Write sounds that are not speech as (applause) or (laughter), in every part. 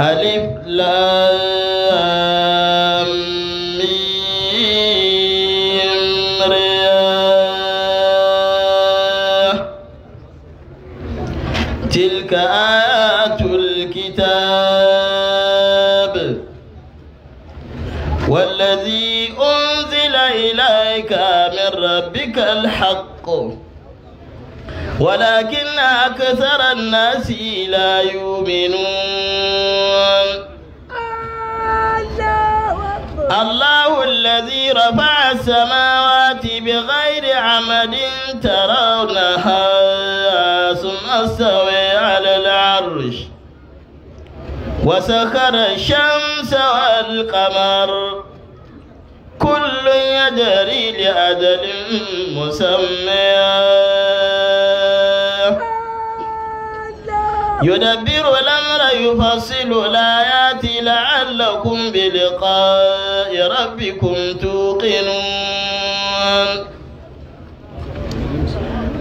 ألف لام ميم تلك آيات الكتاب والذي أنزل إليك من ربك الحق ولكن أكثر الناس لا يؤمنون الله الذي رفع السماوات بغير عمد ترونها ثم استوي على العرش وسخر الشمس والقمر كل يجري لأجل مسمى يدبر الأمر يفصل الآيات لعلكم بلقاء ربكم توقنون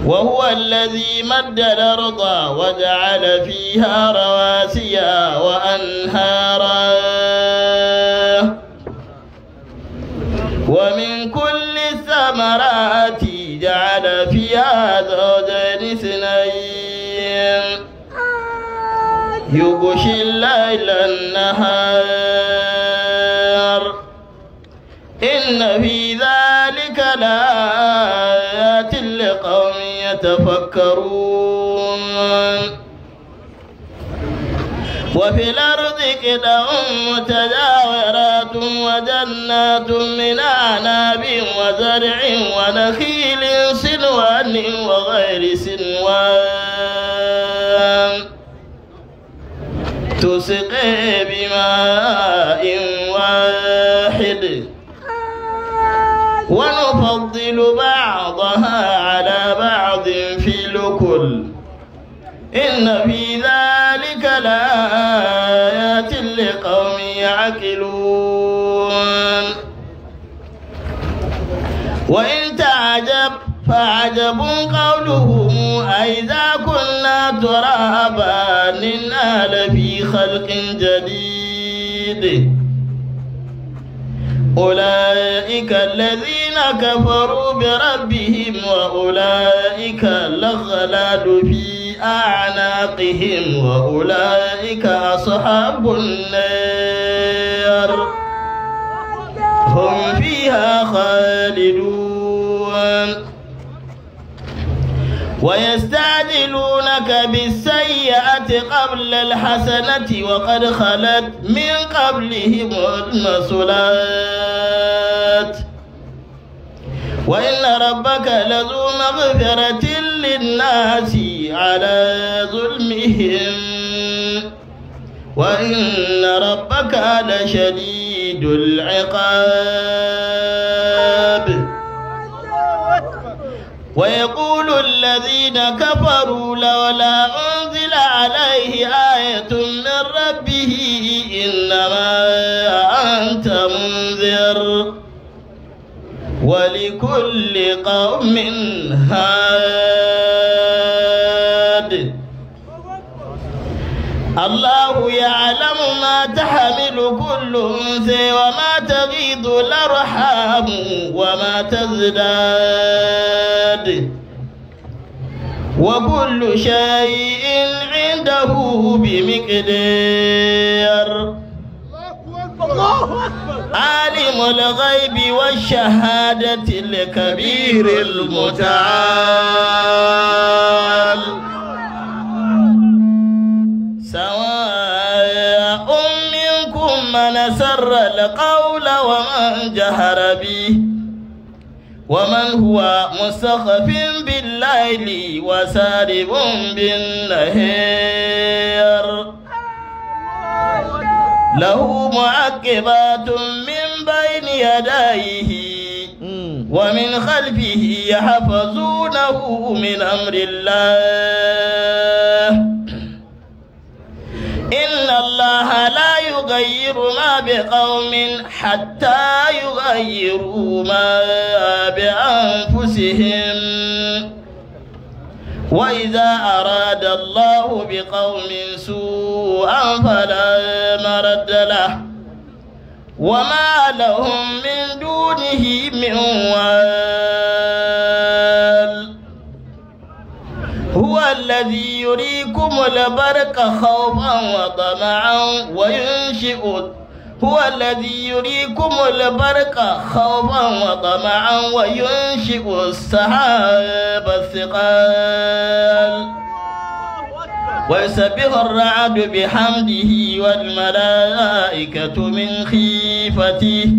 وهو الذي مد الأرض وجعل فيها رواسيا وأنهارا يغشي الليل النهار إن في ذلك لآيات لقوم يتفكرون وفي الأرض كدع متجاورات وجنات من أعناب وزرع ونخيل سنوان وغير سنوان تسقي بماء واحد ونفضل بعضها على بعض في الأكل إن في ذلك لآيات لقوم يعقلون وإن تعجب فعجب قولهم أئذا كنا ترابا إنا لفي خلق جديد أولئك الذين كفروا بربهم وأولئك الأغلال في أعناقهم وأولئك أصحاب النار هم فيها خالدون ويستعجلونك بالسيئة قبل الحسنة وقد خلت من قبلهم المسلات وإن ربك لذو مغفرة للناس على ظلمهم وإن ربك لشديد العقاب ويقول الذين كفروا لولا أنزل عليه آية من ربه إنما أنت منذر ولكل قوم هاد الله يعلم ما تحمل كل أنثى وما تغيض الأرحام وما تزداد وكل شيء عنده بمقدار عالم الغيب والشهادة الكبير المتعال سواء منكم من سر القول ومن جهر به ومن هو مستخف بالليل وسارب بالنهار له معقبات من بين يديه ومن خلفه يحفظونه من أمر الله إن الله لا يغير ما بقوم حتى يغيروا ما بأنفسهم وإذا أراد الله بقوم سوءا فلا مرد له وما لهم من دونه من وال هو الذي يريكم البرق خوفا وطمعا وينشئ هو الذي يريكم البرق خوفا وطمعا وينشئ السحاب الثقال ويسبح الرعد بحمده والملائكة من خيفته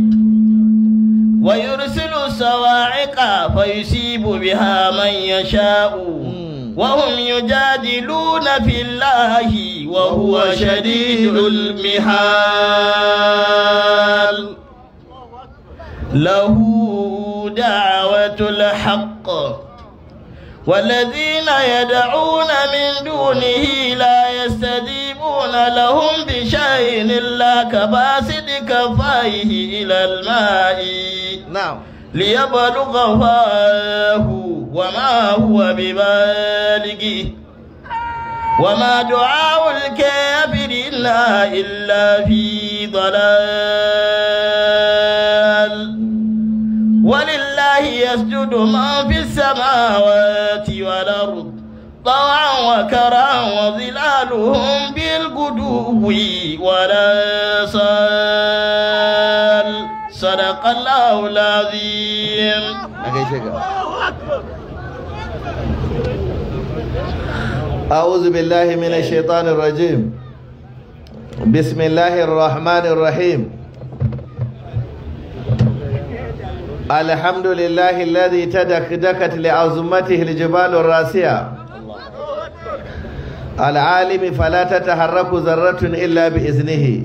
ويرسل الصواعق فيصيب بها من يشاء وهم يجادلون في الله وهو شديد المحال له دعوة الحق والذين يدعون من دونه لا يستجيبون لهم بشيء إلا كباسد كفيه إلى الماء نعم ليبلغ فاه وما هو ببالغه وما دعاء الكافرين إلا في ضلال ولله يسجد ما في السماوات والأرض طوعا وكرا وظلالهم بالقدو ولا صال Sadakallahu lazim. A gaishe ga. أعوذ بالله من الشيطان الرجيم بسم الله الرحمن الرحيم الحمد لله الذي تدكدكت لعظمته الجبال الراسية العالم فلا تتحرك ذرة إلا بإذنه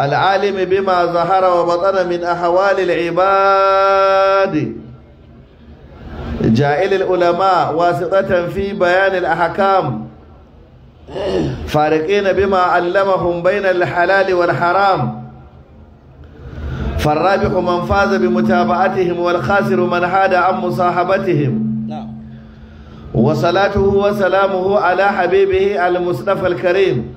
العالم بما ظهر وبطن من أحوال العباد جائل العلماء واسطة في بيان الأحكام فارقين بما علمهم بين الحلال والحرام فالرابح من فاز بمتابعتهم والخاسر من حاد عن مصاحبتهم وصلاته وسلامه على حبيبه المصطفى الكريم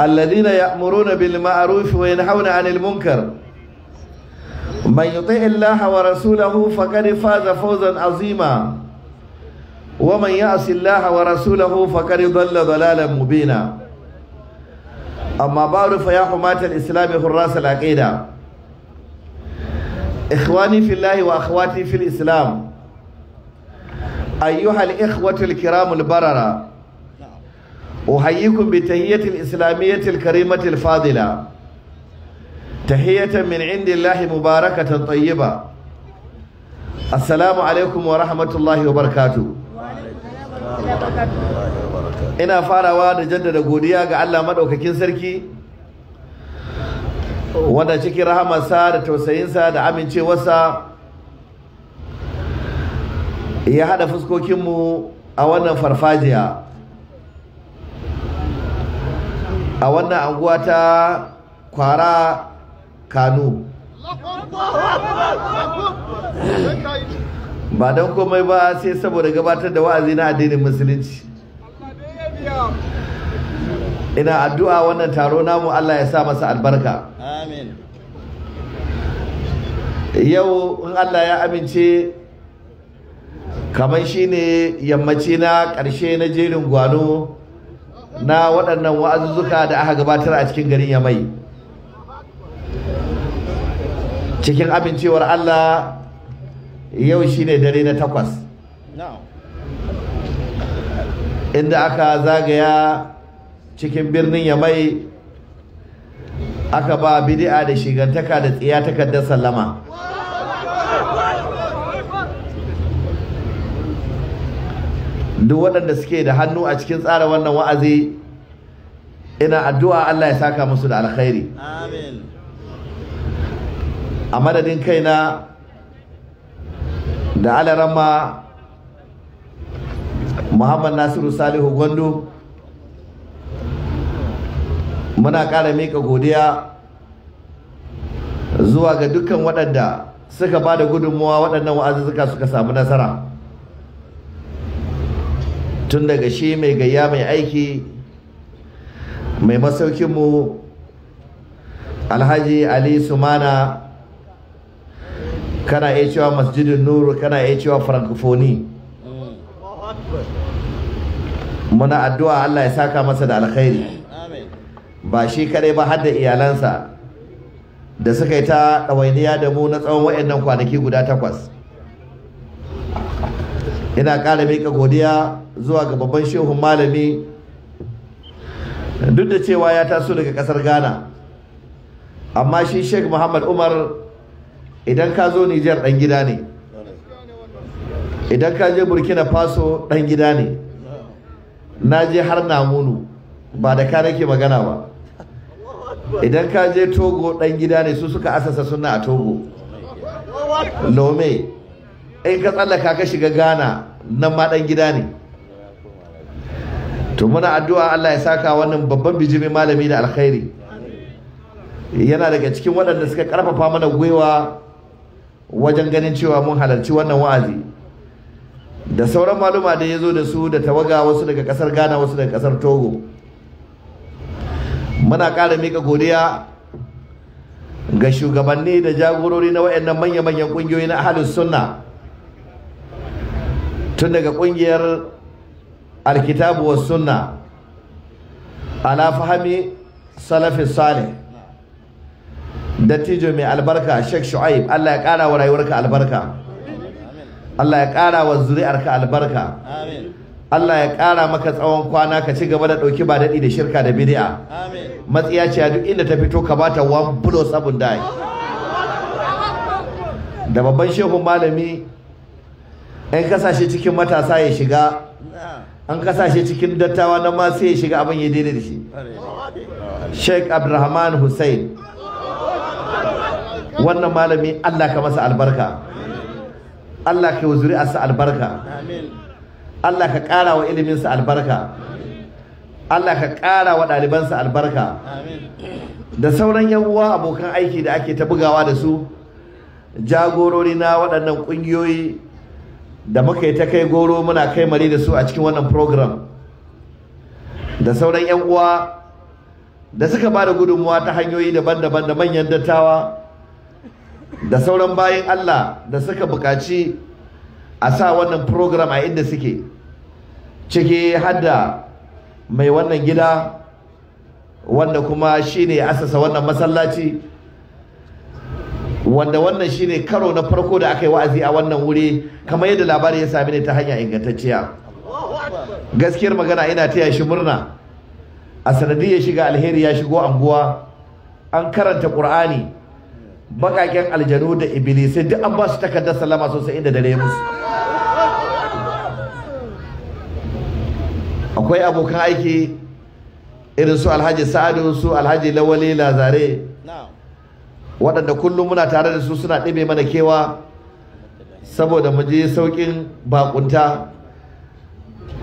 الذين يأمرون بالمعروف وينهون عن المنكر من يطيع الله ورسوله فقد فاز فوزا عظيما ومن يعص الله ورسوله فقد ضل ضلالا مبينا أما بعد فيا حماة الإسلام حراس العقيدة إخواني في الله وأخواتي في الإسلام أيها الإخوة الكرام البررة أحييكم بتهية الإسلامية الكريمة الفاضلة تحية من عند الله مباركة طيبة السلام wa ورحمة wa barkatu. ina farawa da jaddada godiya ga Allah madaukakin sarki wanda cikin rahamarsa da tausayinsa da amincewarsa ya hada fuskokinmu a wannan farfajiya a wannan anguwa ta kwara kano ba don komai ba sai saboda gabatar da wa'azi na addinin musulunci ina addu'a wannan taro namu Allah ya sa masa albarka yau in Allah ya amince kamar shine yammaci na ƙarshe na jerin gwano na waɗannan wa'azuzzuka da aka gabatar a cikin garin Yamai cikin amincewar Allah yau shine dare na takwas inda aka zagaya cikin birnin Yamai aka ba bidi'a da shigantaka da tsiya takardar sallama duk waɗanda suke da hannu a cikin tsara wannan wa'azi ina addu'a Allah ya saka musu da alkhairi a madadin kaina da alarama Muhammad Nasiru Salihu Gondo muna ƙara mika godiya zuwa ga dukkan waɗanda suka ba da gudunmuwa waɗannan wa'azuzzuka suka samu nasara tun daga shi mai gayya mai aiki mai masaukinmu alhaji ali sumana kana iya cewa masjidin nuru kana iya cewa francophonie muna addu'a allah ya saka masa da alkhairi ba shi kadai ba har da iyalansa da suka yi ta ɗawainiya da mu na tsawon waɗannan kwanaki guda takwas ina ƙara miƙa godiya zuwa ga babban shehu malami duk da cewa ya taso daga kasar ghana amma shi sheikh muhammad umar idan ka zo nijar dan gida ne idan ka je burkina faso dan gida ne na je har namunu ba da ka ke magana ba idan ka je togo dan gida ne su suka asasa suna a togo lome in ka tsallaka ka shiga ghana nan ma dan gida ne to muna addu'a Allah ya saka wannan babban bijimi malami da alkhairi yana daga cikin waɗanda suka karfafa mana gwiwa wajen ganin cewa mun halarci wannan wa'azi da sauran maluma da ya zo da su da tawaga wasu daga ƙasar ghana wasu daga ƙasar togo muna ƙara mika godiya ga shugabanni da jagorori na waɗannan manya-manyan ƙungiyoyi na ahalus sunna tun daga ƙungiyar alkitabu sunna ala fahami salafi salih dattijo mai albarka Sheikh Shu'aib Allah ya kara wa rayuwarka albarka Allah ya kara wa zuri'arka albarka Allah ya kara maka tsawon kwana ka ci gaba da ɗauki ba daɗi da shirka da bid'a matsiya ce duk inda ta fito ka bata one blow sabun dai da babban shehun malami 'yan kasashe cikin matasa ya shiga an kasa shi cikin dattawa na ma sai ya shiga abin ya daidai da shi Sheikh Abdulrahman Hussein wannan malami Allah ka masa albarka Allah ka yi sa albarka Allah ka ƙara wa iliminsa albarka Allah ka ƙara wa ɗalibansa albarka da sauran yan uwa abokan aiki da ake ta bugawa da su jagorori na waɗannan ƙungiyoyi da muka yi ta kai goro muna kai mari da su a cikin wannan program da sauran 'yan uwa da suka ba da gudunmuwa ta hanyoyi daban-daban da manyan dattawa da sauran bayan Allah da suka buƙaci a sa wannan program a inda suke ciki hadda mai wannan gida wanda kuma shine asasa wannan masallaci wanda wannan shine karo na farko da aka yi wa'azi a wannan wuri kamar yadda labari ya sami ne ta hanya ingantacciya gaskiyar magana ina taya shi murna a sanadiyar shiga alheri ya shigo anguwa an karanta ƙur'ani, bakaken aljanu da ibilisai duk an ba su takardar salama sosai inda dare musu akwai abokan aiki irin su alhaji sa'adu su alhaji lawale lazare waɗanda kullum muna tare da su suna ɗibe mana kewa saboda mu je sauƙin bakunta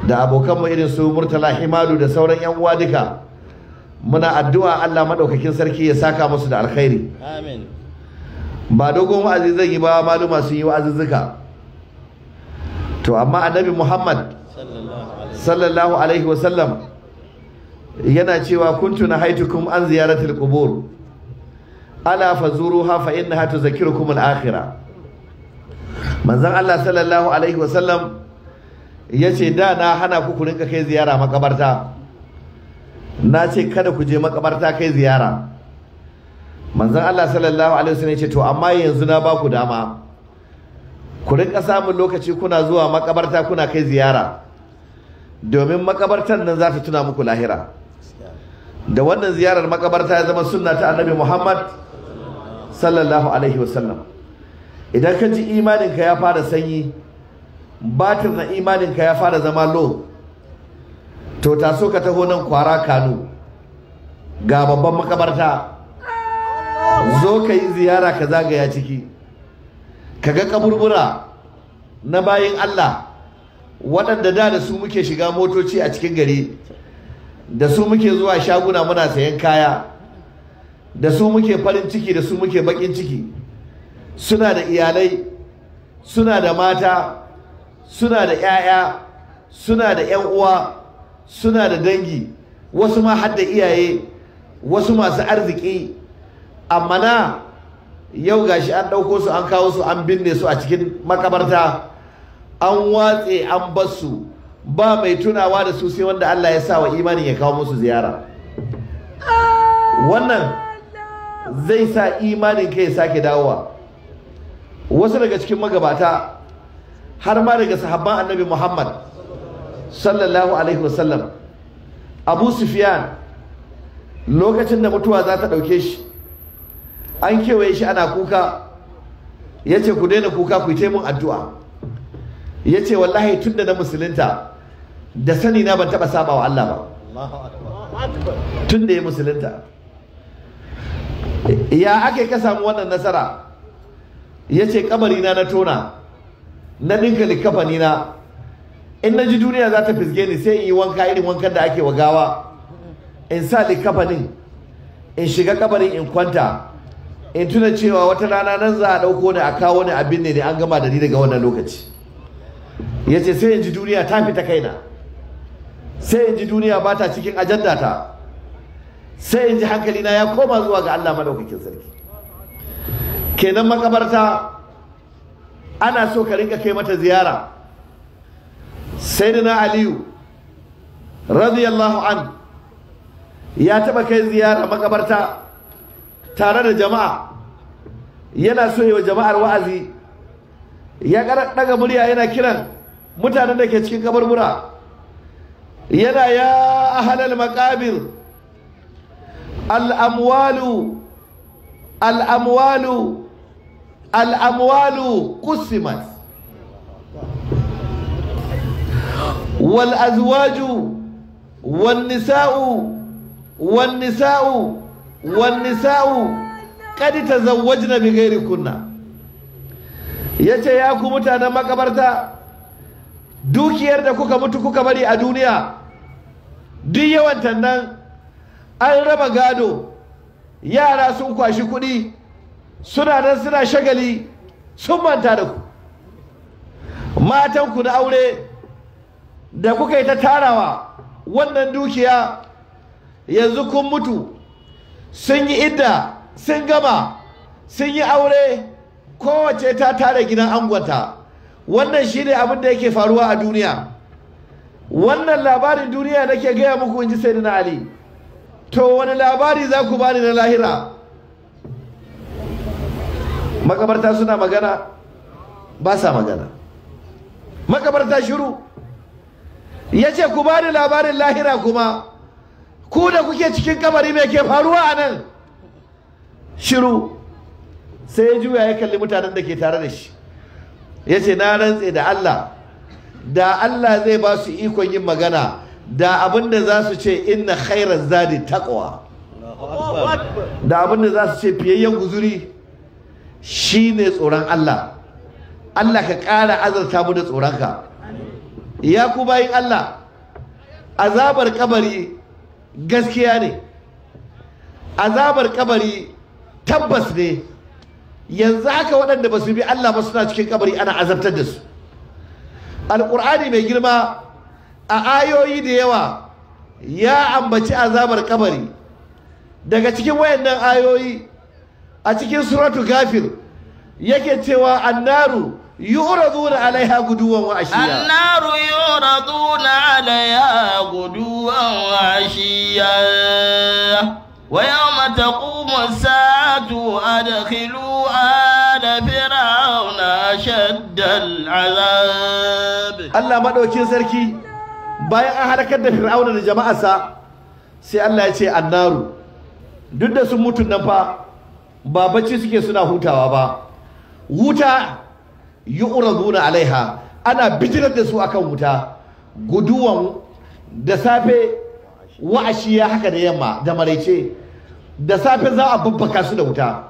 da abokanmu irin su murtala himalu da sauran yan uwa duka muna addu'a Allah maɗaukakin sarki ya saka musu da alkhairi ba dogon wa'azi zan yi ba maluma sun yi wa'azuzzuka to amma annabi Muhammad sallallahu alaihi wasallam yana cewa kuntu na haitukum an ziyaratul qubur ala fazuruha fa innaha tuzakirukum al-akhirah manzon Allah sallallahu alaihi wasallam yace da na hana ku ku rinka kai ziyara makabarta na ce kada ku je makabarta kai ziyara manzon Allah sallallahu alaihi wasallam yace to amma yanzu na ba ku dama ku rinka samun lokaci kuna zuwa makabarta kuna kai ziyara domin makabartar nan za ta tuna muku lahira da wannan ziyarar makabarta ya zama sunna ta annabi Muhammad sallallahu alaihi wasallam idan ka ji imaninka ya fara sanyi batir na imaninka ya fara zama lo. to taso ka taho nan kwara kano ga babban makabarta zo ka yi ziyara ka zagaya ciki ka ga kaburbura na bayan Allah waɗanda da da su muke shiga motoci a cikin gari da su muke zuwa shaguna muna sayan kaya da su muke farin ciki da su muke bakin ciki suna da iyalai suna da mata suna da 'ya'ya suna da 'yan uwa suna da dangi wasu ma hadda iyaye wasu masu arziki amma na yau gashi an ɗauko su an kawo su an binne su a cikin makabarta an watse an basu ba mai tunawa da su sai wanda Allah ya sa wa imanin ya kawo musu ziyara ah! wannan zai sa imanin kai ya sake dawowa wasu daga cikin magabata har ma daga sahabban annabi muhammad sallallahu alaihi wasallam abu sufyan lokacin da mutuwa za ta ɗauke shi an kewaye shi ana kuka ya ce ku daina kuka ku yi mun addu'a ya ce wallahi tun da na musulunta da sani na ban taɓa sabawa Allah ba tun da ya musulunta ya ake ka samu wannan nasara ya ce kabarina na tona na ɗinka likafani in na ji duniya za ta fisge ni sai in yi wanka irin wankan da ake wa gawa in sa likafanin in shiga kabarin in kwanta in tuna cewa wata rana nan za a ɗauko ni a kawo ni abin ne an gama da ni daga wannan lokaci ya ce sai in ji duniya ta fita kaina sai in ji duniya ba ta cikin ajandata sai in ji hankali na ya koma zuwa ga Allah madaukakin sarki kenan makabarta ana so ka rinka kai mata ziyara sayyidina aliyu radiyallahu an ya taɓa kai ziyara makabarta tare da jama'a yana so yi wa jama'ar wa'azi ya daga murya yana kiran mutanen da ke cikin kaburbura yana ya ahalal makabir al'amwalu al'amwalu al'amwalu kusimat wal azwaju wal nisa'u wal nisa'u wal nisa'u ta tazawwajna bi ghairi kunna yace ya ku mutanen makabarta dukiyar da kuka mutu kuka bari a duniya duk yawan tannan an raba gado yara sun kwashi kuɗi suna nan suna shagali sun manta da ku matanku na aure da kuka yi ta tarawa wannan dukiya yanzu kun mutu sun yi idda sun gama sun yi aure kowace ta tara gidan angonta wannan shine abin da yake faruwa a duniya wannan labarin duniya nake gaya muku in ji sayyidina ali to wani labari za ku bani na lahira makabarta suna magana ba sa magana makabarta shiru ya ce ku bani labarin lahira kuma ku da kuke cikin kamari mai ke faruwa a nan shiru sai ya juya ya kalli mutanen da ke tare da shi ya ce na rantse da Allah da Allah zai ba su ikon yin magana da abinda za su ce inna khairar zadi taqwa da abinda za su ce fiyayyen guzuri ne tsoron Allah Allah ka ƙara azarta mu da tsoronka ya ku bayin Allah azabar kabari gaskiya ne azabar kabari tabbas ne yanzu haka waɗanda ba su bi Allah ba suna cikin kabari ana azabtar da su alƙur'ani mai girma a ayoyi da yawa ya ambaci azabar kabari daga cikin wayannan ayoyi a cikin suratu gafir yake cewa annaru yuraduna alaiha guduwan wa ashiya annaru yuraduna alaiha guduwan wa ashiya wa yawma taqumu as-saatu da ala fir'auna ashadda al'azab Allah madaukin sarki bayan an halakar da fir'auna da jama'arsa sai Allah ya ce annaru duk da sun mutu nan fa ba bacci suke suna hutawa ba wuta yu'raduna alaiha ana bijirar da su akan wuta guduwan da safe ya haka da yamma da maraice da safe za a babbaka su da wuta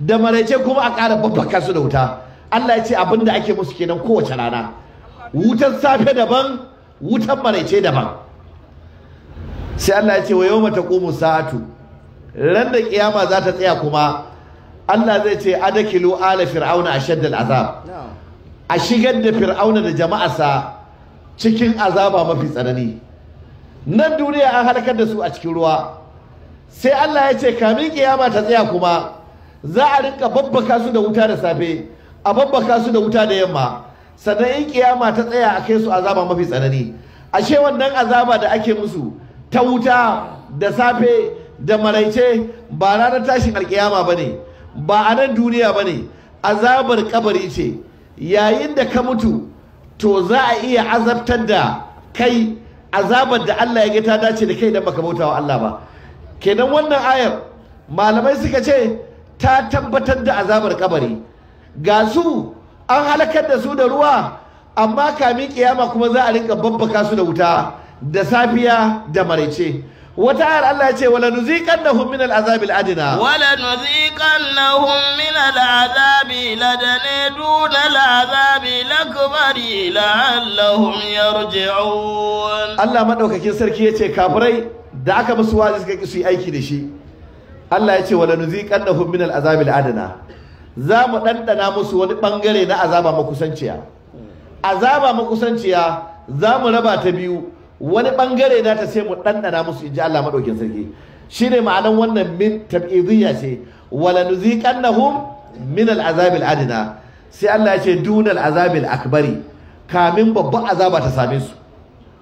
da maraice kuma a ƙara babbaka su da wuta Allah ya ce abin da ake musu kenan kowace rana wutar safe daban wutan maraice daban sai Allah ya ce wa yawma taqumu sa'atu ran da kiyama za ta tsaya kuma Allah zai ce adakilu ala fir'auna ashadda al'azab a shigar da fir'auna da jama'arsa cikin azaba mafi tsanani nan duniya an halakar da su a cikin ruwa sai Allah ya ce kamin kiyama ta tsaya kuma za a rinka babbaka su da wuta da safe a babbaka su da wuta da yamma sannan in kiyama ta tsaya a kai su azaba mafi tsanani ashe wannan azaba da ake musu ta wuta da safe da maraice ba ranar tashin alkiyama ba ne ba a nan duniya ba ne azabar kabari ce yayin da ka mutu to za a iya azabtar da kai azabar da Allah ya ga ta dace da kai da baka bauta wa Allah ba kenan wannan ayar malamai suka ce ta tabbatar da azabar kabari ga su an halakar da su da ruwa amma kamin kiyama kuma za a rinka babbaka su da wuta da safiya da maraice wata ayar Allah ya ce wala lahum min al'azabil adna wala lahum min al'azabi ladana dun al'azabi lakbari la'allahum yarji'un Allah madaukakin sarki yace kafirai da aka musu wajibi suka ki su yi aiki da shi Allah ya ce wala lahum min al'azabil adna za mu ɗanɗana musu wani ɓangare na azaba makusanciya azaba makusanciya za mu raba ta biyu wani ɓangare na ta sai mu ɗanɗana musu in ji Allah maɗaukin sarki shi ne ma'anan wannan min tab'iziyya ce wala nuziqannahum min al'azab adina. sai Allah ya ce dunal azab akbari kamin babban azaba ta same su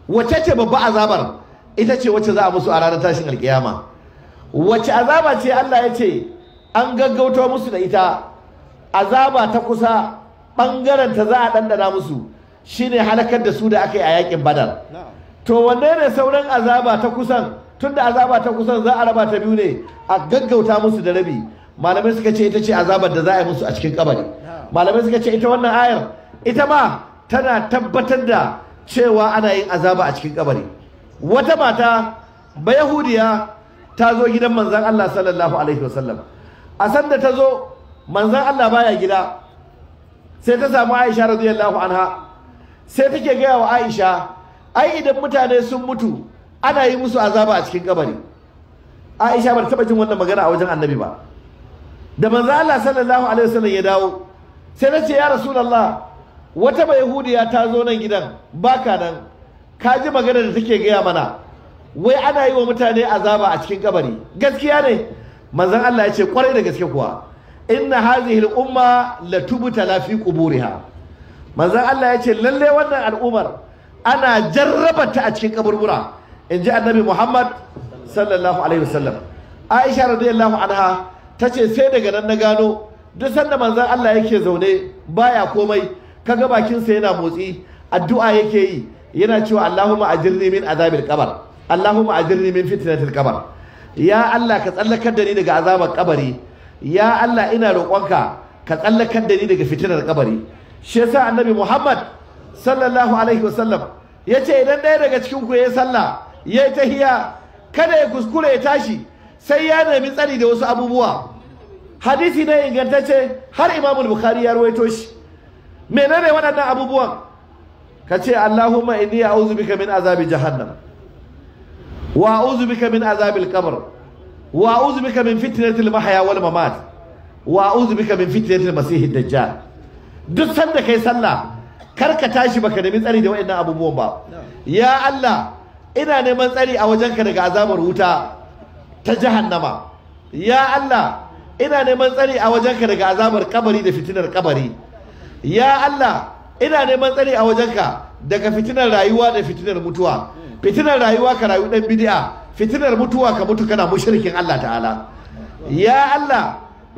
wace ce babban azabar ita ce wacce za a musu a ranar tashin alkiyama wace azaba ce Allah ya ce an gaggauto musu da ita azaba ta kusa bangaren ta za a ɗanɗana musu shine halakar da su da aka yi a yakin badar to wanne ne sauran azaba ta kusan tunda azaba ta kusan za a raba ta biyu ne a gaggauta musu da rabi malamai suka ce ita ce azabar da za a yi musu a cikin kabari malamai suka ce ita wannan ayar ita ma tana tabbatar da cewa ana yin azaba a cikin kabari wata mata bayahudiya ta zo gidan manzan Allah sallallahu alaihi wasallam a sanda ta zo manzan Allah baya gida sai ta samu Aisha radiyallahu anha sai take gaya wa Aisha ai idan mutane sun mutu ana yi musu azaba a cikin kabari Aisha ba ta taba jin wannan magana a wajen Annabi ba da manzan Allah sallallahu alaihi wasallam ya dawo sai ta ce ya Rasulullah wata ba yahudiya ta zo nan gidan baka nan ka ji magana da take gaya mana wai ana yi wa mutane azaba a cikin kabari gaskiya ne manzan Allah ya ce kwarai da gaske kuwa inna hazi al-umma latubtala fi quburiha manzon Allah yace lalle wannan al'ummar ana jarraba ta a cikin kaburbura in ji annabi Muhammad sallallahu alaihi wasallam Aisha radiyallahu anha tace sai daga nan na gano duk sanda manzon Allah yake zaune baya komai kaga bakinsa yana motsi addu'a yake yi yana cewa Allahumma ajirni min azabil qabr Allahumma ajirni min fitnatil qabr ya Allah ka tsallakar da ni daga azabar kabari ya Allah ina roƙonka ka tsallakar da ni daga fitinar kabari shi yasa annabi Muhammad sallallahu alaihi wasallam yace idan ɗaya daga cikin ku yayi sallah yayi tahiya kada ya kuskure ya tashi sai ya nemi tsari da wasu abubuwa hadisi na ingantacce har Imam Bukhari ya rawaito shi menene waɗannan abubuwan kace Allahumma inni a'udhu bika min azabi jahannam wa a'udhu bika min azabil qabr wa a'udhu bika min fitnatil mahya wal mamat wa a'udhu bika min fitnatil hidda dajjal duk sanda kai sallah kar ka tashi baka nemi tsari da waɗannan abubuwan ba ya Allah ina neman tsari a wajenka daga azabar wuta ta jahannama ya Allah ina neman tsari a wajenka daga azabar kabari da fitinar kabari ya Allah ina neman tsari a wajenka daga fitinar rayuwa da fitinar mutuwa fitinar rayuwa ka rayu dan bid'a fitinar mutuwa ka mutu kana mushrikin Allah ta'ala ya Allah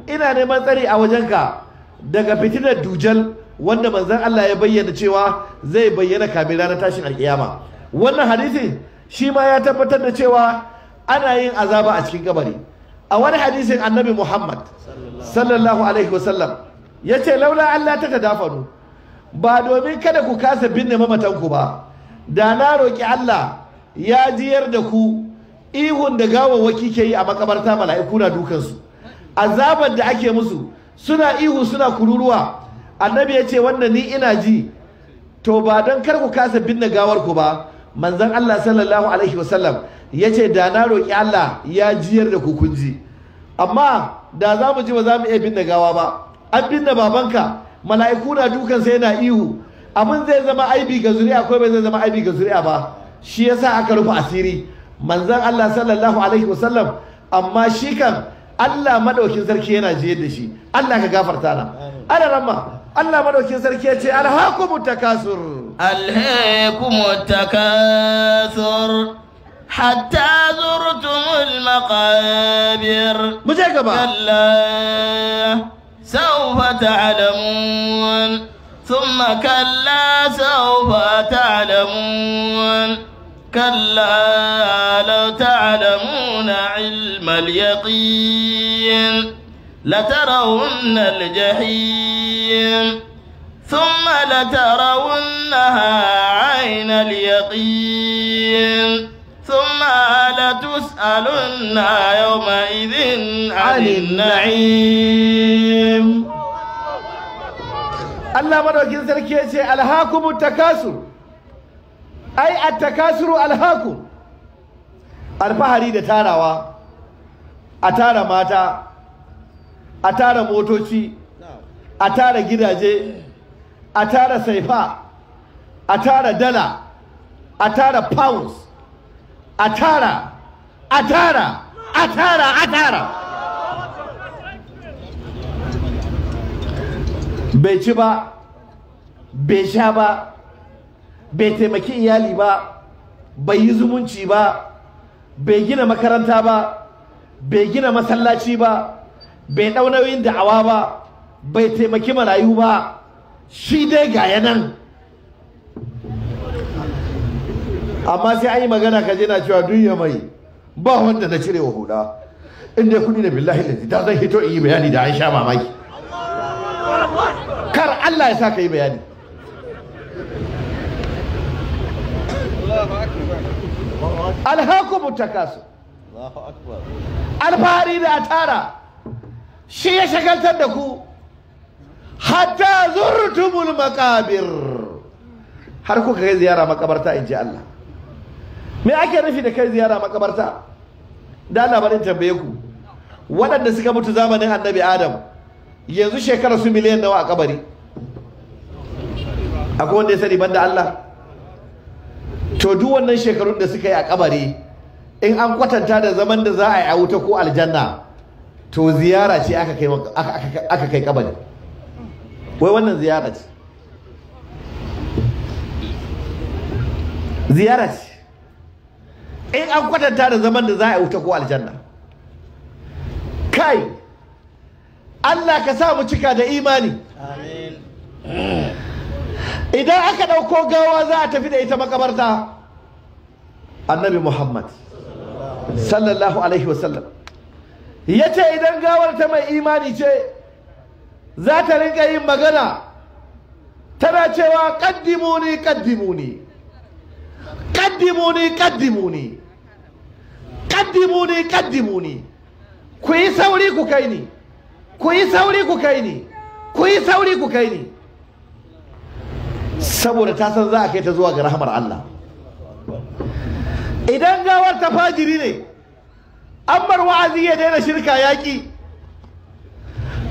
ina neman tsari a wajen ka daga fitinar dujal wanda manzon Allah ya bayyana cewa zai bayyana kamin ranar tashin alkiyama wannan hadisi shi ma ya tabbatar da cewa ana yin azaba a cikin kabari a wani hadisin annabi Muhammad sallallahu alaihi wasallam ya ce laula Allah ta tadafanu ba domin kada ku kasa binne mamatanku ba da na roƙi Allah ya jiyar da ku ihun da waki ke yi a makabarta mala'iku na dukansu azabar da ake musu suna ihu suna kururuwa annabi ya ce wannan ni ina ji to ba don kar ku kasa binne gawar ku ba manzon Allah sallallahu alaihi wasallam ya ce da na roƙi Allah ya jiyar da ku kun ji amma da za mu ji ba za mu iya binne gawa ba an binne babanka mala'iku na dukan sai yana ihu abin zai zama aibi ga zuri'a ko bai zai zama aibi ga zuri'a ba shi yasa aka rufe asiri manzan Allah sallallahu alaihi wasallam amma shi kan Allah madaukin sarki yana jiyar da shi Allah ka gafarta na ana ramma Allah madaukin sarki ya ce alhaakumut takasur alhaakumut takasur حتى زرتم المقابر مجاكبة كلا سوف تعلمون ثم كلا سوف تعلمون كلا لو تعلمون علم اليقين لترون الجحيم ثم لترونها عين اليقين ثم لتسألن يومئذ عن النعيم الله مدوكين سركيسي الهاكم التكاثر ai takasuru alhaku alfahari da tarawa a tara mata a tara motoci a tara gidaje a tara saifa a tara dala a tara pounds a tara a tara a tara a tara bai ci ba bai sha ba bai taimaki iyali ba bai yi zumunci ba bai gina makaranta ba bai gina masallaci ba bai ɗau nauyin da'awa ba bai taimaki marayu ba shi dai ga yanan amma sai an yi magana ka je na cewa duniya mai ba wanda na cire wa huda inda ya kudi da billahi da da zan hito in yi bayani da an sha mamaki kar Allah ya sa ka yi bayani alhaku takasu alfahari da tara shi ya shagaltar da ku hatta zurtumul makabir har kuka kai ziyara makabarta in ji Allah me ake nufi da kai ziyara makabarta da labarin tambaye ku waɗanda suka mutu zamanin annabi adam yanzu shekarar su miliyan nawa a kabari akwai wanda ya sani banda Allah to duk wannan shekarun da suka yi a kabari in an kwatanta da zaman da za a yi a wuta ko aljanna to ziyara ce aka kai kabari wai wannan ziyara ce ziyara ce in an kwatanta da zaman da za a yi wuta ko aljanna kai Allah ka sa mu cika da imani amin (clears throat) idan aka ɗauko gawa za a tafi da ita makabarta annabi muhammad sallallahu alaihi wasallam ya ce idan gawar ta mai imani ce za ta rinka yin magana tana cewa kaddimuni kaddimuni kaddimuni kaddimuni kaddimuni kaddimuni ku yi sauri ku kai ni ku yi sauri ku kai ni ku yi sauri ku kai ni saboda ta san za a kai ta zuwa ga rahamar Allah idan gawar ta fajiri ne an bar wa'azi ya daina shirka yaƙi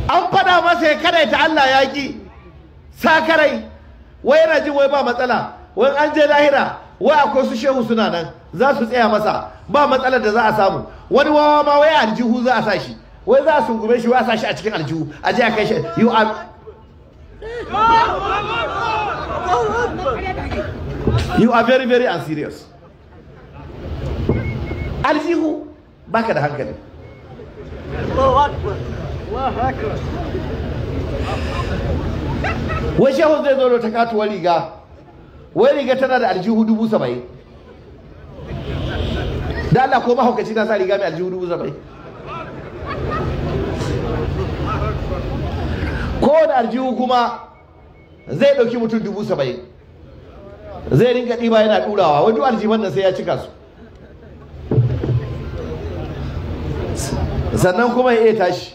an faɗa masa ya ta Allah yaƙi sakarai wai yana jin wai ba matsala wai an je lahira wai akwai su shehu suna nan za su tsaya masa ba matsalar da za a samu wani wawa ma wai aljihu za a sa shi wai za a sungume shi wai a sa a cikin aljihu a je a kai shi you are very very unserious aljihu back da hankali wai Where zai was ta katuwar riga wai riga tana da aljihu dubu saba'in da koma ko mahaukaci na sa riga mai aljihu dubu saba'in ko da aljihu kuma zai ɗauki mutum dubu saba'in zai rinka ɗiba yana ɗurawa wani aljiban nan sai ya cika su sannan kuma ya iya tashi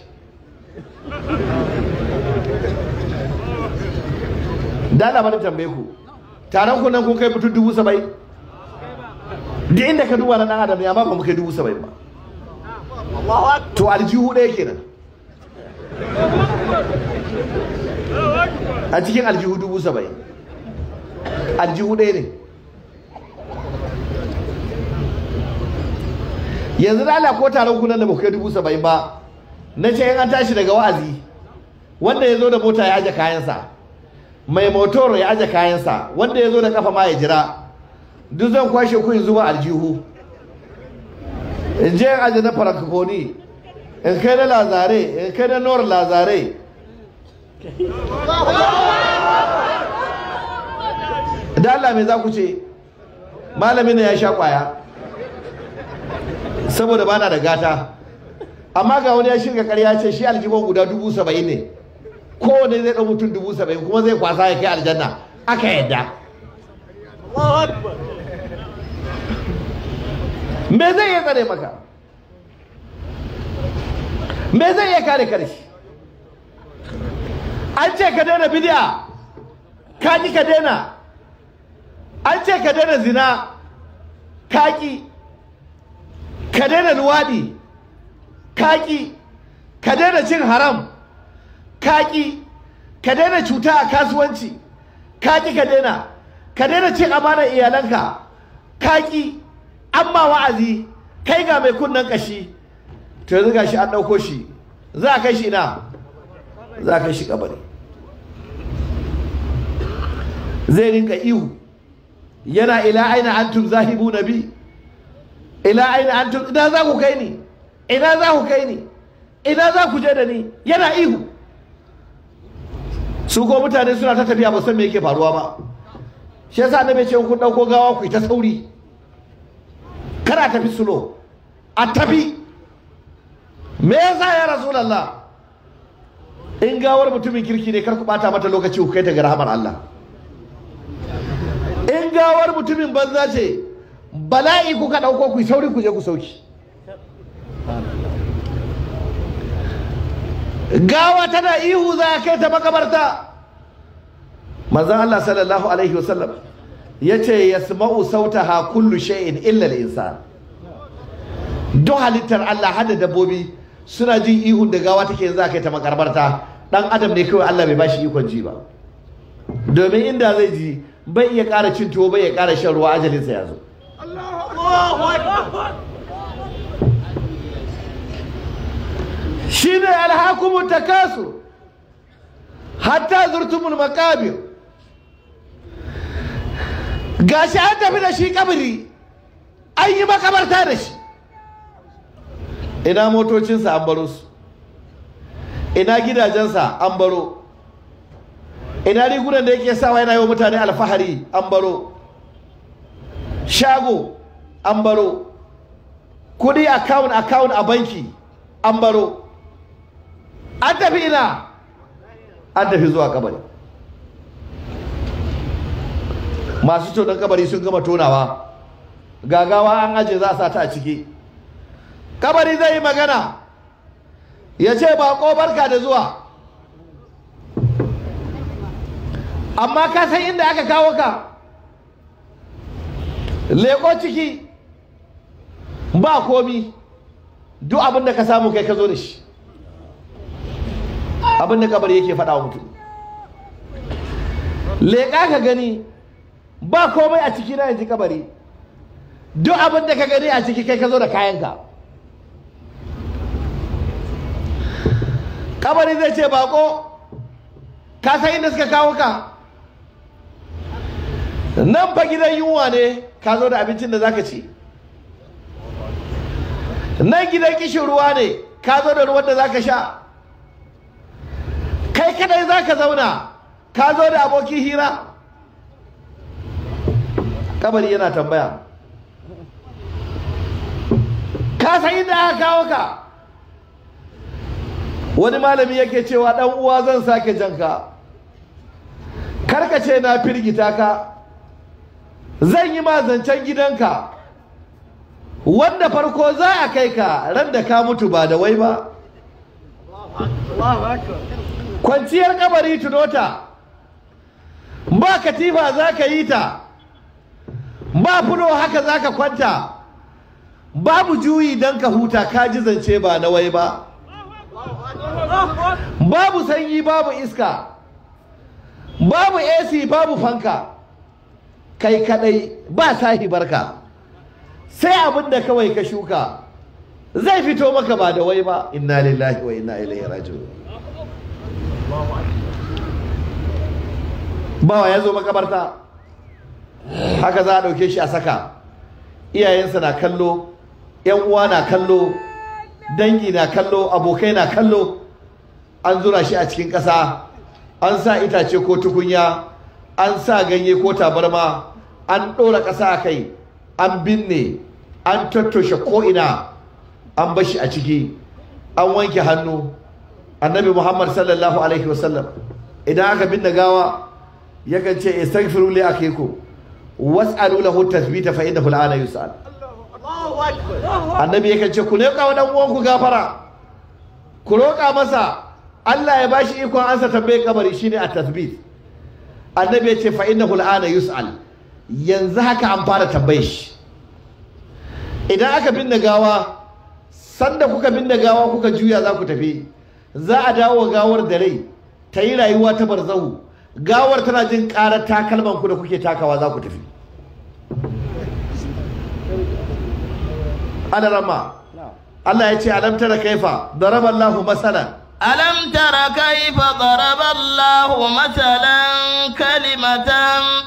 da labarin tambaye ku taron ku nan kun kai mutum dubu saba'in duk inda ka duba na ɗan adam ya mako ba mu kai dubu saba'in ba to aljihu ɗaya kenan a cikin aljihu dubu saba'in aljihu ɗaya ne yanzu da ala ko taron kunan da kai dubu saba'in ba na ce an tashi daga wa'azi wanda ya zo da mota ya aje kayansa mai motor ya aje kayansa wanda ya zo da kafa ma ya jira duk zan kwashe ku zuba aljihu in je in aje na farakoni in kai na lazare in kai na nor lazare da Allah mai za ku ce ne ya sha kwaya saboda ba na da gata amma ga wani ya shirka karya ce shi aljibon guda dubu saba'in ne kowane zai ɗan mutum dubu saba'in kuma zai kwasa ya kai aljanna aka yadda me zai iya tsare maka me zai iya kare karshe an ce ka daina bidiya kaki ka daina an ce ka daina zina kaki ka daina luwaɗi kaki ka daina cin haram kaki ka daina cuta a kasuwanci kaki ka daina ka daina cin amanar iyalanka kaki amma wa'azi kai ga mai kunnen kashi to yanzu gashi an ɗauko shi za a kai shi ina za a kai shi kabari zai rinka ihu yana ila aina antum zahibu nabi ila aina antum ina za ku kai ni ina za ku kai ni ina za ku je da ni yana ihu su ko mutane suna ta tafiya ba san me yake faruwa ba shi yasa annabi ce ku dauko gawa ku ta sauri kada tafi sulo a tafi me yasa ya rasulullah in gawar mutumin kirki ne kar ku bata mata lokaci ku kai ta ga rahamar Allah gawar mutumin banza ce bala'i kuka ɗauko ku sauri ku je ku sauki gawa tana ihu za a kai ta makabarta manzon Allah sallallahu alaihi wasallam yace yasma'u sautaha kullu sha'in illa insa.' insan duk halittar Allah hada dabbobi suna jin ihu da gawa take a kai ta makabarta dan adam ne kawai Allah bai bashi ikon ji ba domin inda zai ji bai iya ƙara cin tuwo bai iya ƙara shan ruwa ajalinsa ya zo Shi ne alhakumu takasur hatta zurtumul makabir shi an tafi da shi kabiri an yi makabarta da shi ina motocinsa an baro su ina gidajensa an baro ina rigunan da yake sawa yana yi wa mutane alfahari an baro shago an baro kudi account account a banki an baro an tafi ina an tafi zuwa kabari masu tonon kabari sun gama tonawa gagawa an aje za a sa ta a ciki kabari zai yi magana ya ce ba barka da zuwa amma ka san inda aka kawo ka leko ciki ba komi duk abin da ka samu kai ka zo da shi abin da kabari yake faɗa mutu mutum ka gani ba komai a ciki na yanzu kabari duk abin da ka gani a ciki kai ka zo da kayanka kabari zai ce bako ka san inda suka kawo ka nan fa gidan yunwa ne ka zo da abincin da zaka ci nan gidan kishin ruwa ne ka zo da ruwan da zaka sha kai kadai zaka zauna ka zo da abokin hira kabari yana tambaya ka san inda aka kawo ka wani malami yake cewa dan uwa zan sake janka karkace na firgita ka zan yi ma zancen gidanka wanda farko za a kai ka ran da ka mutu ba da wai ba kwanciyar kabari tunota ba katifa za ka yi ta ba fulo haka za ka kwanta babu juyi don ka huta ka ji zance ba na wai ba babu sanyi babu iska babu ac babu fanka kai kadai ba sahi barka sai abin da kawai ka shuka zai fito maka ba da wai ba inna lillahi wa inna ilaihi raji'un bawa ya zo makabarta haka za a ɗauke shi a saka iyayensa na kallo yan uwa na kallo dangi na kallo abokai na kallo an zura shi a cikin ƙasa an sa itace ko tukunya an sa ganye ko tabarma an ɗora ƙasa a kai an binne an tattoshe ko'ina an bashi a ciki an wanke hannu annabi muhammad sallallahu alaihi wasallam idan aka binne gawa yakan ce istaghfiru li akiku was'alu lahu tathbita fa innahu al'ana yus'al annabi yakan ce ku ne leƙa wa dan uwanku gafara ku roƙa masa Allah ya bashi ikon ansa tambayar kabari shine at-tathbit annabi ya ce fa innahu al'ana yus'al yanzu haka an fara tambaye shi idan aka binne gawa sanda kuka binne gawa kuka juya za ku tafi za a dawo gawar da rai ta yi rayuwa ta barzahu gawar tana jin ƙarar takalman ku da kuke takawa za ku tafi Allah ya ce alam tara kaifa rabar masalan ألم تر كيف ضرب الله مثلا كلمة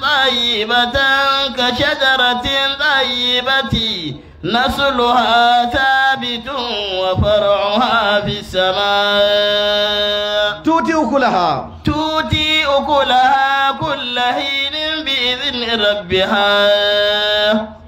طيبة كشجرة طيبة نسلها ثابت وفرعها في السماء تؤتي أكلها تؤتي أكلها كل حين بإذن ربها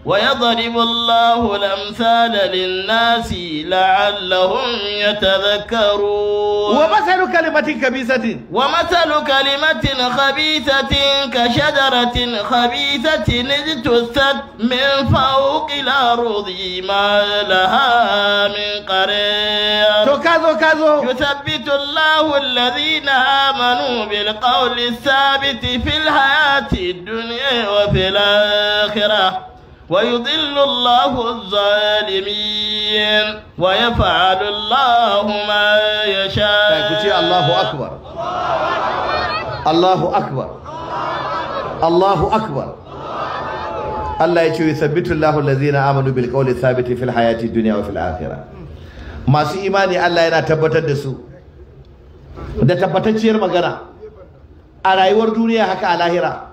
ويضرب الله الأمثال للناس لعلهم يتذكرون ومثل كلمة خبيثة ومثل كلمة خبيثة كشجرة خبيثة اجتثت من فوق الأرض ما لها من قرير كذو كذو يثبت الله الذين آمنوا بالقول الثابت في الحياة الدنيا وفي الآخرة ويضل الله الظالمين ويفعل الله ما يشاء الله أكبر الله أكبر الله أكبر الله يجي يثبت الله الذين آمنوا بالقول الثابت في الحياة الدنيا وفي الآخرة ما سي إيماني الله ينا تبتد دسو da tabbatacciyar magana a rayuwar duniya haka a lahira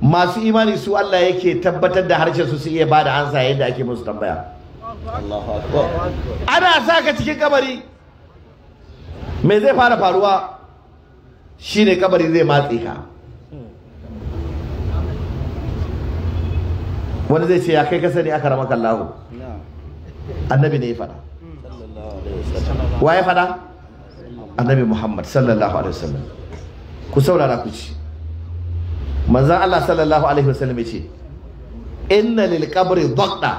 masu imani su Allah yake tabbatar da harshen su su iya ba da ansa yadda ake musu tambaya ana sa ka cikin kabari me zai fara faruwa shine kabari zai matse ka wani zai ce ya kai ka sani aka ramaka Allah annabi ne ya faɗa wa ya faɗa annabi Muhammad sallallahu alaihi wasallam ku saurara ku ci manzan Allah sallallahu alaihi wasallam ce inna lil qabri dhaqqa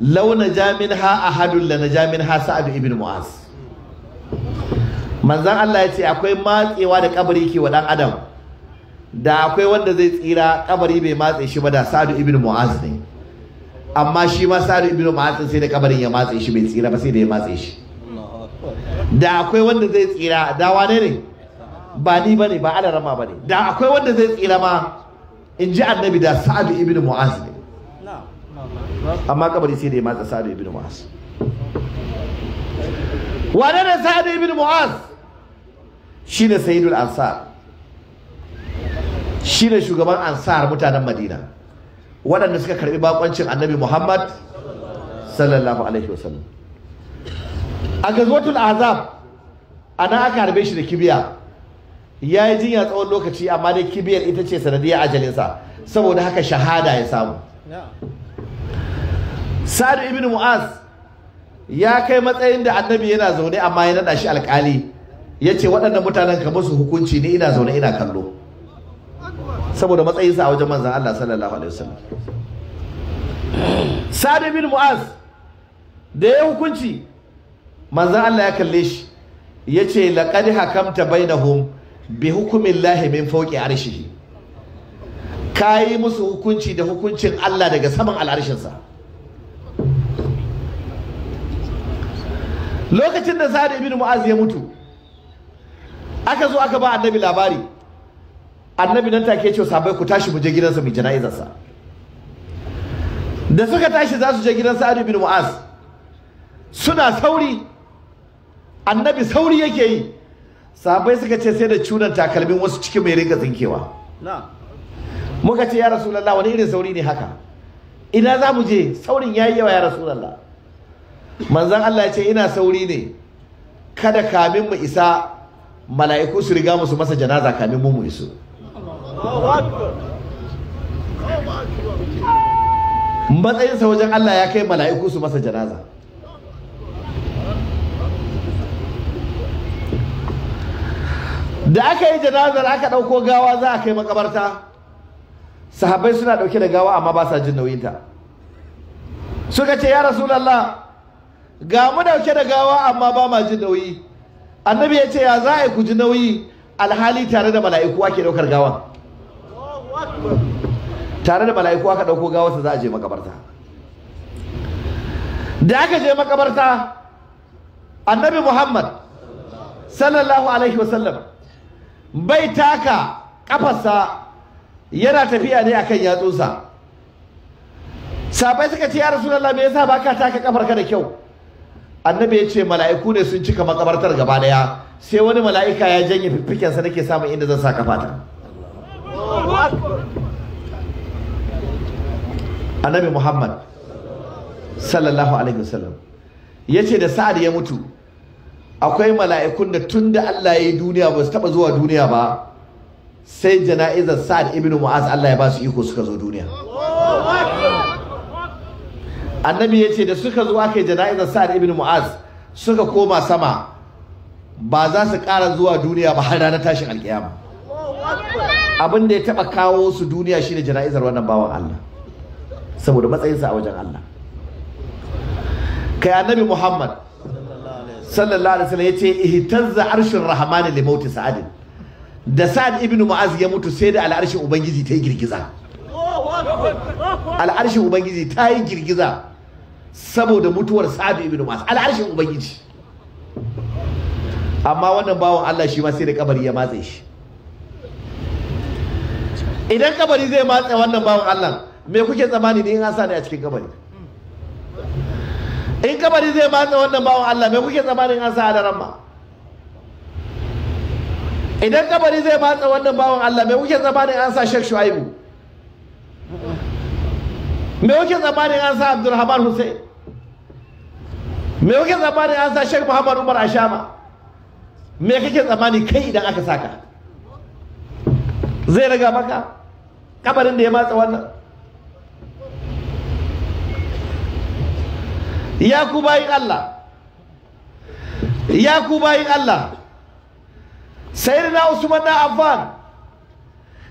law naja minha ahadun la naja minha sa'ad ibn mu'az manzan Allah ya ce akwai matsewa da kabari ke wa dan adam da akwai wanda zai tsira kabari bai matse shi ba da sa'ad ibn mu'az ne amma shi ma sa'ad ibn mu'az sai da kabarin ya matse shi bai tsira ba sai da ya matse shi da akwai wanda zai tsira da wane ne ba ni bane ba ala rama bane da akwai wanda zai tsira ma in ji annabi da sa'adu ibn mu'az ne amma kabari sai da ya matsa sa'adu ibn mu'az wane ne sa'adu ibn mu'az shine sayyidul ansar shine shugaban ansar mutanen madina waɗanda suka karbi bakoncin annabi muhammad sallallahu alaihi wasallam a gazwatul azab ana aka harbe shi da kibiya ya yi jinya tsawon lokaci amma dai kibiyar ita ce sanadiyar ajalinsa saboda haka shahada ya samu sadu ibn mu'az ya kai matsayin da annabi yana zaune amma ya naɗa shi alƙali ya ce waɗannan mutanen ka musu hukunci ni ina zaune ina kallo saboda matsayinsa a wajen manzan Allah sallallahu alaihi wasallam sadu ibn mu'az da ya hukunci manzan Allah ya kalle shi ya ce laƙad hakamta bainahum bi hukumin lahi min fauki arshihi ka musu hukunci da hukuncin Allah daga saman al'arshinsa lokacin da sa'ad ibn mu'az ya mutu aka zo aka ba annabi labari annabi nan take ce sabai ku tashi mu je gidansa mu jana'izarsa da suka tashi za su je gidan sa'ad ibn mu'az suna sauri annabi sauri yake yi sabai suka ce sai da cunan takalmin wasu cikin mai rinka tsinkewa muka ce ya rasulallah wani irin sauri ne haka ina za mu je saurin ya yi yawa ya rasulallah Manzan Allah ya ce ina sauri ne kada kamin mu isa mala'iku su riga musu masa janaza kamin mu isu. Matsayinsa wajen Allah ya kai mala'iku su masa janaza da aka yi janazar aka ɗauko gawa za a kai makabarta sahabbai suna ɗauke da gawa amma ba sa jin nauyinta suka ce ya rasulallah ga mu ɗauke da gawa amma ba ma jin nauyi annabi ya ce ya za a yi ku ji nauyi alhali tare da mala'iku ake ɗaukar gawan tare da mala'iku aka ɗauko gawarsa za a je makabarta da aka je makabarta annabi muhammad sallallahu alaihi wasallam bai taka kafarsa yana tafiya ne akan yatsunsa sabai suka ce ya rasulullah me yasa baka taka kafarka da kyau annabi ya ce mala'iku ne sun cika makabartar gaba daya sai wani mala'ika ya janye fiffikensa nake samun inda zan sa kafata annabi muhammad sallallahu alaihi wasallam ya ce da sa'ad ya mutu akwai mala'ikun da tun da Allah ya yi duniya ba su taɓa zuwa duniya ba sai jana'izar sa'ad ibn mu'az Allah ya ba su iko suka zo duniya annabi ya ce da suka zuwa aka jana'izar sa'ad ibn mu'az suka koma sama ba za su ƙara zuwa duniya ba har ranar tashin alƙiyama abin da ya taɓa kawo su duniya shi ne jana'izar wannan bawan Allah saboda matsayinsa a wajen Allah kai annabi Muhammad sallallahu alaihi wasallam yace ihtazza arshur rahman li mauti sa'ad da sa'ad ibnu mu'az ya mutu sai da al'arshin ubangiji ta yi girgiza al'arshin ubangiji ta yi girgiza saboda mutuwar sa'ad ibnu mu'az al'arshin ubangiji amma wannan bawan Allah shi ma sai da kabari ya matse shi idan kabari zai matse wannan bawan Allah me kuke tsamani ne in asa ne a cikin kabari in kabari zai matsa wannan bawan Allah me kuke tsammanin an sa da ramma idan kabari zai matsa wannan bawan Allah me kuke tsammanin an sa Sheikh Shuaibu me kuke tsammanin an sa Abdulrahman Hussein me kuke tsammanin an sa Sheikh Muhammad Umar Ashama me kake tsammani kai idan aka saka zai raga maka kabarin da ya matsa wannan ya ku bayin Allah ya ku bayin Allah sayyidina Usman na Affan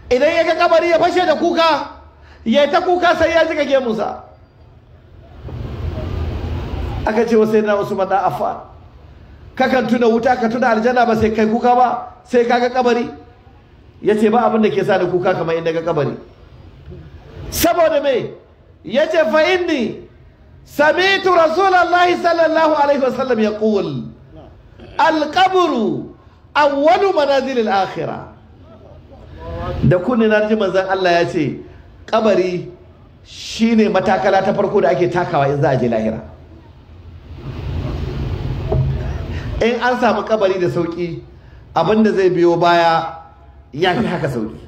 idan ya ga kabari ya fashe da kuka ya ta kuka sai ya jika gemusa aka ce wa sayyidina Usman da Affan kakan tuna wuta ka tuna aljanna ba sai kai kuka ba sai ga kabari Ya ce ba abin da ke sa da kuka kamar inda ga kabari saboda me ce fa inni سمعت رسول الله صلى الله عليه وسلم يقول القبر أول منازل الآخرة da kunne na ji manzon Allah ya ce kabari shine matakala ta farko da ake takawa in za a je lahira in an samu kabari da sauki abinda zai biyo baya ya fi haka sauki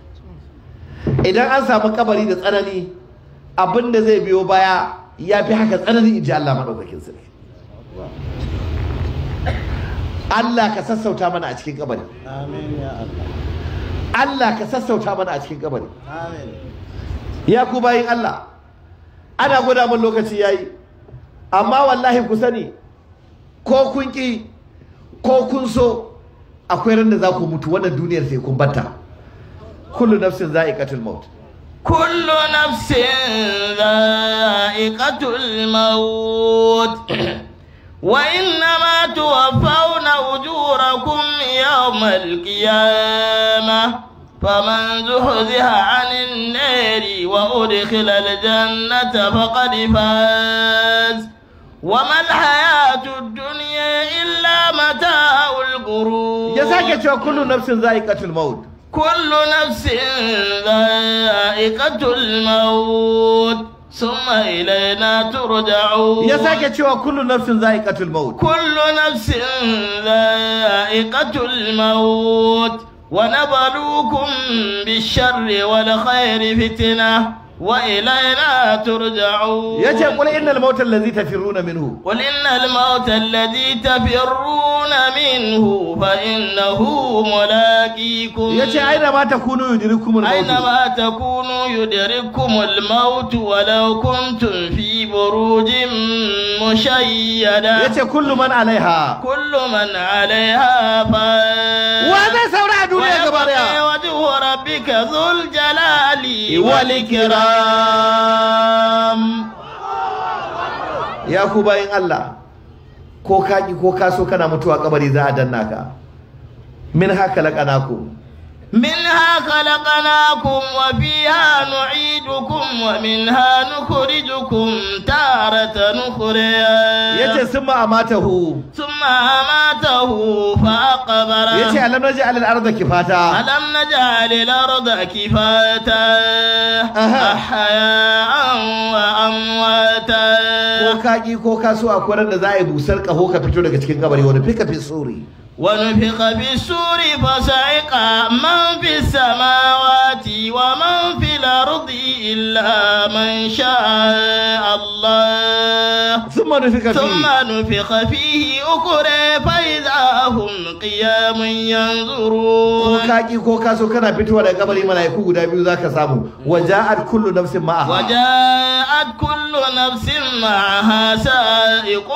idan an samu kabari da tsanani abinda zai biyo baya ya fi haka tsananin ji Allah maɗaukakin sarki Allah ka sassauta mana a cikin kabari Allah ka sassauta mana a cikin kabari ya ku bayin Allah ana gwada mun lokaci yi, amma wallahi ku sani ko kun ƙi ko kun so akwai ran da za ku mutu wannan duniyar sai kun batta kullu nafsin za'iqatul maut كل نفس ذائقة الموت (clears throat) وإنما توفون أجوركم يوم القيامة فمن زحزح عن النار وأدخل الجنة فقد فاز وما الحياة الدنيا إلا متاع الغرور جزاك كل نفس ذائقة الموت كل نفس ذائقة الموت ثم إلينا ترجعون يا ساكت شو كل نفس ذائقة الموت كل نفس ذائقة الموت ونبلوكم بالشر والخير فتنة wa ilayna turja'un yace qul innal mautal ladhi tafirruna minhu qul innal mautal ladhi tafirruna minhu fa innahu mulaqikum yace aina ma takunu yudrikum al maut aina ma takunu yudrikum al maut walau kuntum fi burujin mushayyada yace kullu man alaiha kullu man alaiha fa wa zai duniya gaba daya wajhu rabbika zul jalali wal ikram ya ku bayin Allah ko ka ko ka so kana mutuwa kabari za a danna ka min haka naku منها خلقناكم وفيها نعيدكم ومنها نخرجكم تارة أخرى يتي ثم أماته ثم أماته فأقبره يتي ألم نجعل الأرض كفاتا ألم نجعل الأرض كفاتا أحياء وأمواتا ko ka ki ko ka so akwai ran da za a yi busar kaho ka fito daga cikin kabari wani fika fi tsuri ونفق بالسور فصعق من في السماوات ومن في الأرض إلا من شاء الله ثم نفق فيه ثم نفق فيه أخرى فإذا هم قيام ينظرون وجاءت كل نفس معها وجاءت كل نفس معها سائق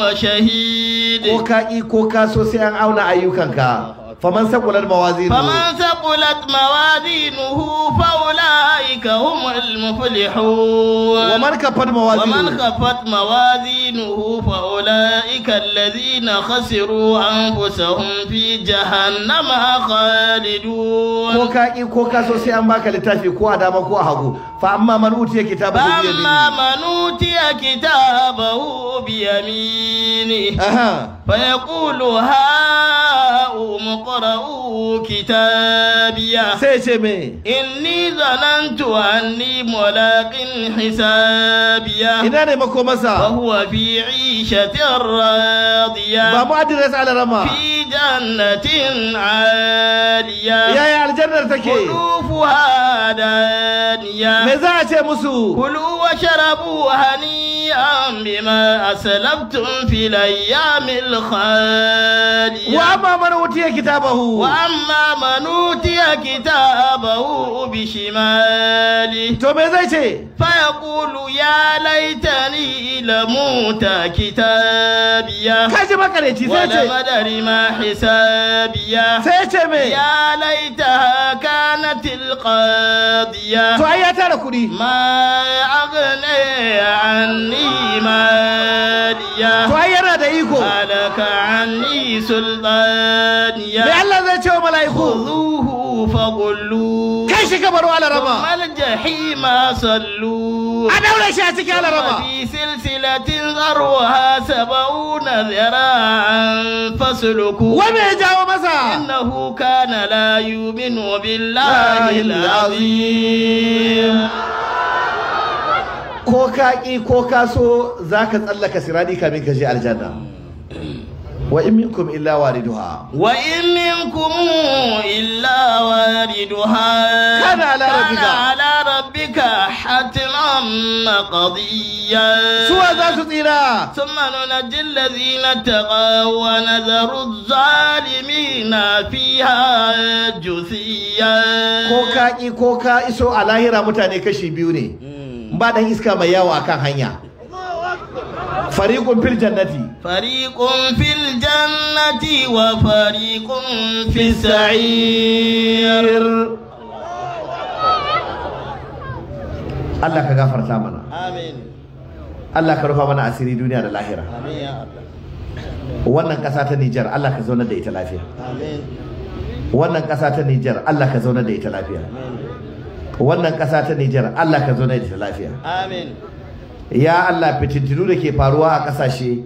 وشهيد كوكاكي كوكاسو سيان auna ayyukanka فمن ثقلت موازينه فمن ثقلت موازينه فأولئك هم المفلحون ومن خفت موازينه ومن خفت موازينه فأولئك الذين خسروا أنفسهم في جهنم خالدون كوكا إي كوكا سي أم باكا لتافي كوا داما كوا هاغو فأما من أوتي كتابه فأما من أوتي كتابه بيمينه أها فيقول هاؤم اقرأوا كتابيه سيسمي إني ظننت أني ملاق حسابيه إنني مكومسا وهو في عيشة راضية بابا على رما في جنة عالية يا يا الجنة تكي قلوفها دانية مزاجة مسو قلوفها وشربوا هنيئا بما أسلفتم في الأيام الخالية وأما من أوتي كتابه وأما من أوتي كتابه بشماله فيقول يا ليتني لموت كتابيا ولم أدر ما حسابيا يا ليتها كانت القاضية ما أغنى ne anni maliya yana da iko alaka sultaniya me Allah zai ce wa mala'iku kai shi kabaru ala rama jahima sallu a daure shi a cikin ala rama fi silsilatin zarwaha sab'una zira'an fasuluku. wa me jawo masa innahu kana la yu'minu billahi al ko ka ƙi ko ka so za ka tsallaka sirani kamin ka je aljanna wa in minkum illa wariduha wa in minkum illa wariduha kana ala rabbika ala rabbika hatman maqdiya suwa za su tsira thumma nunajji alladhina taqaw wa nadharu adh-dhalimina fiha jithiya ko ka ƙi ko ka iso a lahira mutane kashi biyu ne hmm. ba dan iska mai yawo akan hanya fariqun fil jannati fariqun fil jannati wa fariqun fis sa'ir Allah ka gafarta mana amin Allah ka rufa mana asiri duniya da lahira amin ya Allah wannan kasa ta Niger, Allah ka zauna da ita lafiya amin wannan kasa ta Niger, Allah ka zauna da ita lafiya amin wannan ƙasa ta Nijar Allah ka zo na da lafiya amin ya Allah fitintinu da ke faruwa a ƙasashe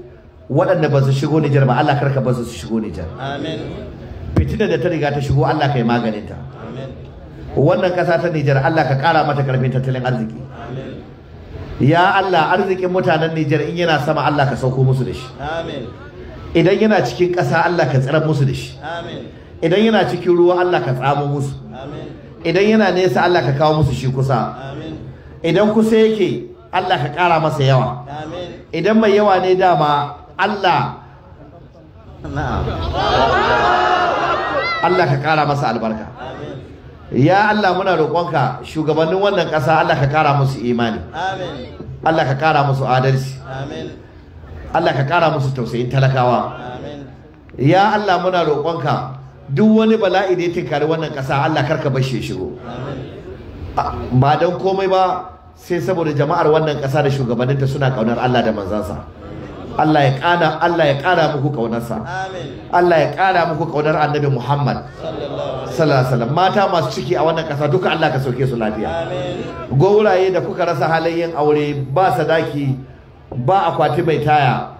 waɗanda ba su shigo Nijar ba Allah karka ba su shigo Nijar amin fitina da ta riga ta shigo Allah kai maganin ta wannan ƙasa ta Nijar Allah ka ƙara mata ƙarfin tattalin arziki ya Allah arzikin mutanen Nijar in yana sama Allah ka sauko musu da shi idan yana cikin ƙasa Allah ka tsira musu da shi idan yana cikin ruwa Allah ka tsamo musu idan yana nesa Allah ka kawo musu shi kusa idan kusa yake Allah ka ƙara masa yawa idan mai yawa ne dama Allah Allah ka ƙara masa albarka ya Allah muna roƙonka shugabannin wannan ƙasa Allah ka ƙara musu imani Allah ka ƙara musu adalci Allah ka ƙara musu tausayin talakawa ya Allah muna roƙonka duk wani bala'i da ya tinkari wannan ƙasa Allah karka bashe shigo ba don komai ba sai saboda jama'ar wannan ƙasa da shugabanninta suna ƙaunar Allah da manzansa Allah ya ƙara Allah ya ƙara muku ƙaunarsa Allah ya ƙara muku ƙaunar Annabi Muhammad sallallahu alaihi wasallam mata masu ciki a wannan ƙasa duka Allah ka sauke su lafiya gauraye da kuka rasa halayen aure ba sadaki ba akwati mai taya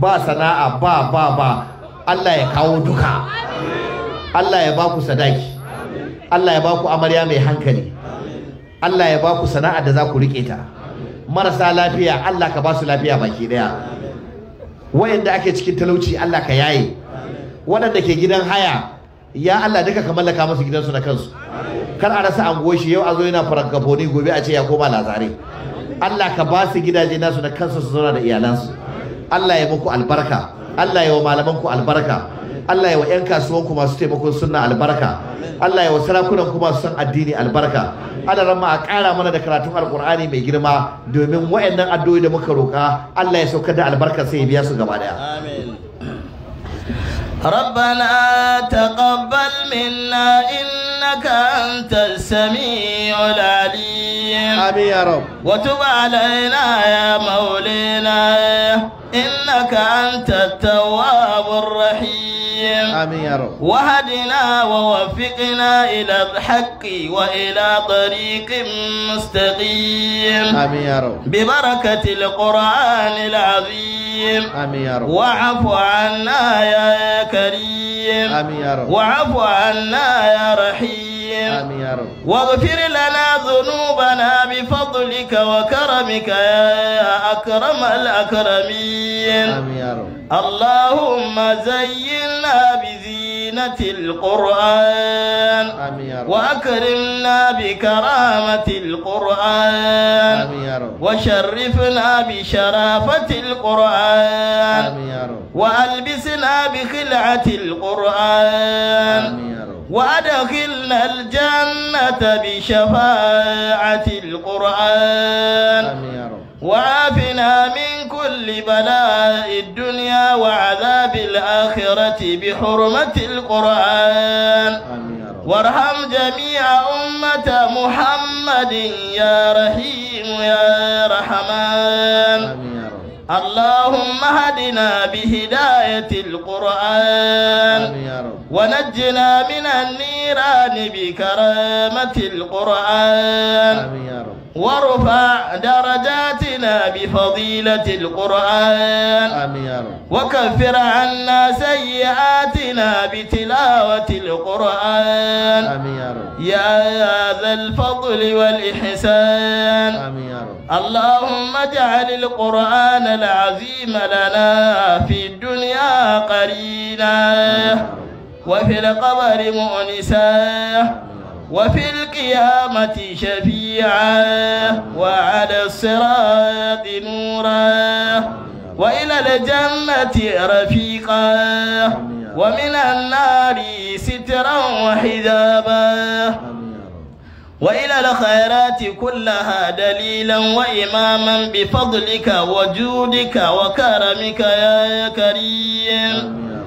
ba sana'a ba ba ba Allah ya kawo duka Allah ya baku sadaki Allah ya baku amarya mai hankali Allah ya baku sana'a da za ku rike ta marasa lafiya Allah ka ba su lafiya baki daya wayanda ake cikin talauci Allah ka yaye waɗanda ke gidan haya ya Allah duka ka mallaka musu gidansu na kansu kar a rasa anguwar shi yau a zo yana farankafoni gobe a ce ya koma lazare Allah ka ba su gidaje nasu da kansu su zauna da iyalansu Allah ya muku albarka Allah ya wa malaman ku albarka Allah ya wa 'yan kasuwan ku masu taimakon sunna albarka Allah ya wa sarakunan ku masu san addini albarka Allah ramma a ƙara mana da karatun alƙur'ani mai girma domin waɗannan addu'o'i da muka roƙa Allah ya saukar da albarka sai ya biya su gaba daya amin ربنا تقبل منا إنك أنت السميع العليم آمين يا رب وتب علينا يا مولانا إنك أنت التواب الرحيم آمين يا رب وهدنا ووفقنا إلى الحق وإلى طريق مستقيم آمين يا رب ببركة القرآن العظيم آمين يا رب وعفو عنا يا كريم آمين يا رب وعفو عنا يا رحيم آمين يا رب واغفر لنا ذنوبنا بفضلك وكرمك يا أكرم الأكرمين العالمين اللهم زينا بزينة القرآن وأكرمنا بكرامة القرآن وشرفنا بشرافة القرآن وألبسنا بخلعة القرآن وأدخلنا الجنة بشفاعة القرآن وعافنا من كل بلاء الدنيا وعذاب الآخرة بحرمة القرآن وارحم جميع أمة محمد يا رحيم يا رحمن اللهم هدنا بهداية القرآن ونجنا من النيران بكرامة القرآن آمين يا رب وارفع درجاتنا بفضيلة القرآن آمين يا رب وكفر عنا سيئاتنا بتلاوة القرآن آمين يا رب يا ذا الفضل والإحسان آمين يا رب اللهم اجعل القرآن العظيم لنا في الدنيا قرينا وفي القبر مؤنسا وفي القيامة شفيعا وعلى الصراط نورا وإلى الجنة رفيقا ومن النار سترا وحجابا وإلى الخيرات كلها دليلا وإماما بفضلك وجودك وكرمك يا كريم